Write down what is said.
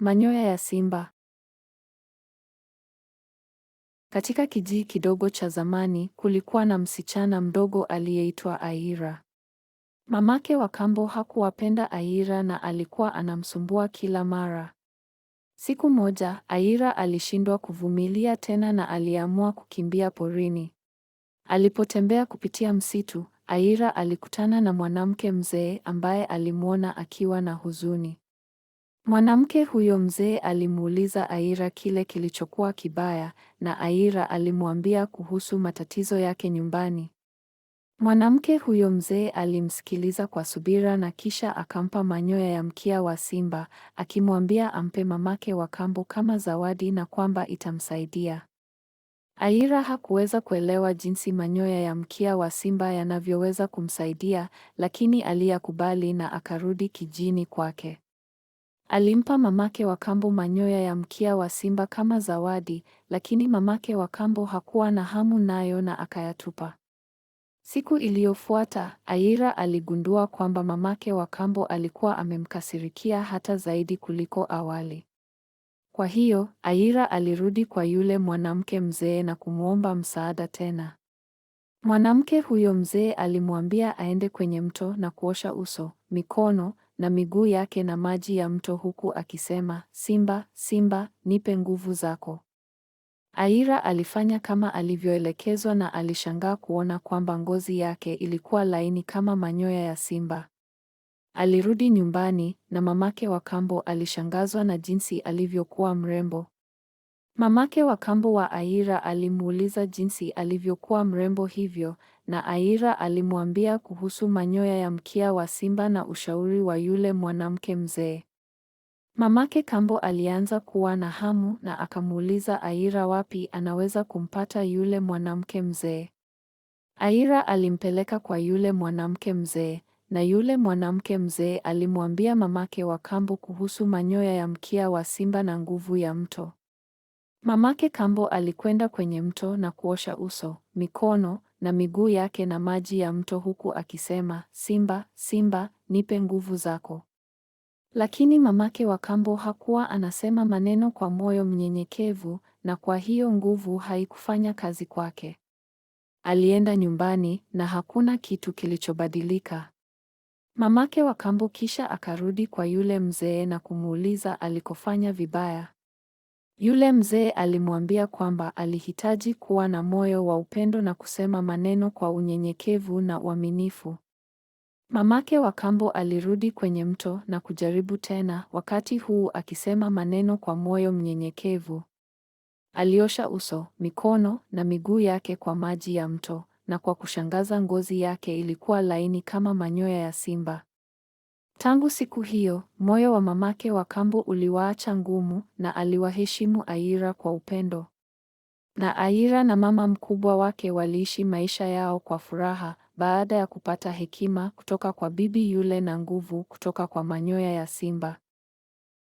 Manyoya ya simba. Katika kijiji kidogo cha zamani, kulikuwa na msichana mdogo aliyeitwa Aira. Mamake wa kambo hakuwapenda Aira na alikuwa anamsumbua kila mara. Siku moja, Aira alishindwa kuvumilia tena na aliamua kukimbia porini. Alipotembea kupitia msitu, Aira alikutana na mwanamke mzee ambaye alimwona akiwa na huzuni. Mwanamke huyo mzee alimuuliza Aira kile kilichokuwa kibaya na Aira alimwambia kuhusu matatizo yake nyumbani. Mwanamke huyo mzee alimsikiliza kwa subira na kisha akampa manyoya ya mkia wa simba, akimwambia ampe mamake wa kambo kama zawadi na kwamba itamsaidia. Aira hakuweza kuelewa jinsi manyoya ya mkia wa simba yanavyoweza kumsaidia, lakini aliyakubali na akarudi kijini kwake. Alimpa mamake wa kambo manyoya ya mkia wa simba kama zawadi, lakini mamake wa kambo hakuwa na hamu nayo na akayatupa. Siku iliyofuata, Aira aligundua kwamba mamake wa kambo alikuwa amemkasirikia hata zaidi kuliko awali. Kwa hiyo, Aira alirudi kwa yule mwanamke mzee na kumwomba msaada tena. Mwanamke huyo mzee alimwambia aende kwenye mto na kuosha uso, mikono na miguu yake na maji ya mto huku akisema, Simba, Simba, nipe nguvu zako. Aira alifanya kama alivyoelekezwa na alishangaa kuona kwamba ngozi yake ilikuwa laini kama manyoya ya simba. Alirudi nyumbani na mamake wa kambo alishangazwa na jinsi alivyokuwa mrembo Mamake wa kambo wa Aira alimuuliza jinsi alivyokuwa mrembo hivyo, na Aira alimwambia kuhusu manyoya ya mkia wa simba na ushauri wa yule mwanamke mzee. Mamake kambo alianza kuwa na hamu na akamuuliza Aira wapi anaweza kumpata yule mwanamke mzee. Aira alimpeleka kwa yule mwanamke mzee, na yule mwanamke mzee alimwambia mamake wa kambo kuhusu manyoya ya mkia wa simba na nguvu ya mto. Mamake Kambo alikwenda kwenye mto na kuosha uso, mikono na miguu yake na maji ya mto huku akisema, Simba, Simba, nipe nguvu zako. Lakini mamake wa Kambo hakuwa anasema maneno kwa moyo mnyenyekevu na kwa hiyo nguvu haikufanya kazi kwake. Alienda nyumbani na hakuna kitu kilichobadilika. Mamake wa Kambo kisha akarudi kwa yule mzee na kumuuliza alikofanya vibaya. Yule mzee alimwambia kwamba alihitaji kuwa na moyo wa upendo na kusema maneno kwa unyenyekevu na uaminifu. Mamake wa kambo alirudi kwenye mto na kujaribu tena, wakati huu akisema maneno kwa moyo mnyenyekevu. Aliosha uso, mikono na miguu yake kwa maji ya mto, na kwa kushangaza ngozi yake ilikuwa laini kama manyoya ya simba. Tangu siku hiyo, moyo wa mamake wa kambo uliwaacha ngumu, na aliwaheshimu Aira kwa upendo. Na Aira na mama mkubwa wake waliishi maisha yao kwa furaha, baada ya kupata hekima kutoka kwa bibi yule na nguvu kutoka kwa manyoya ya simba.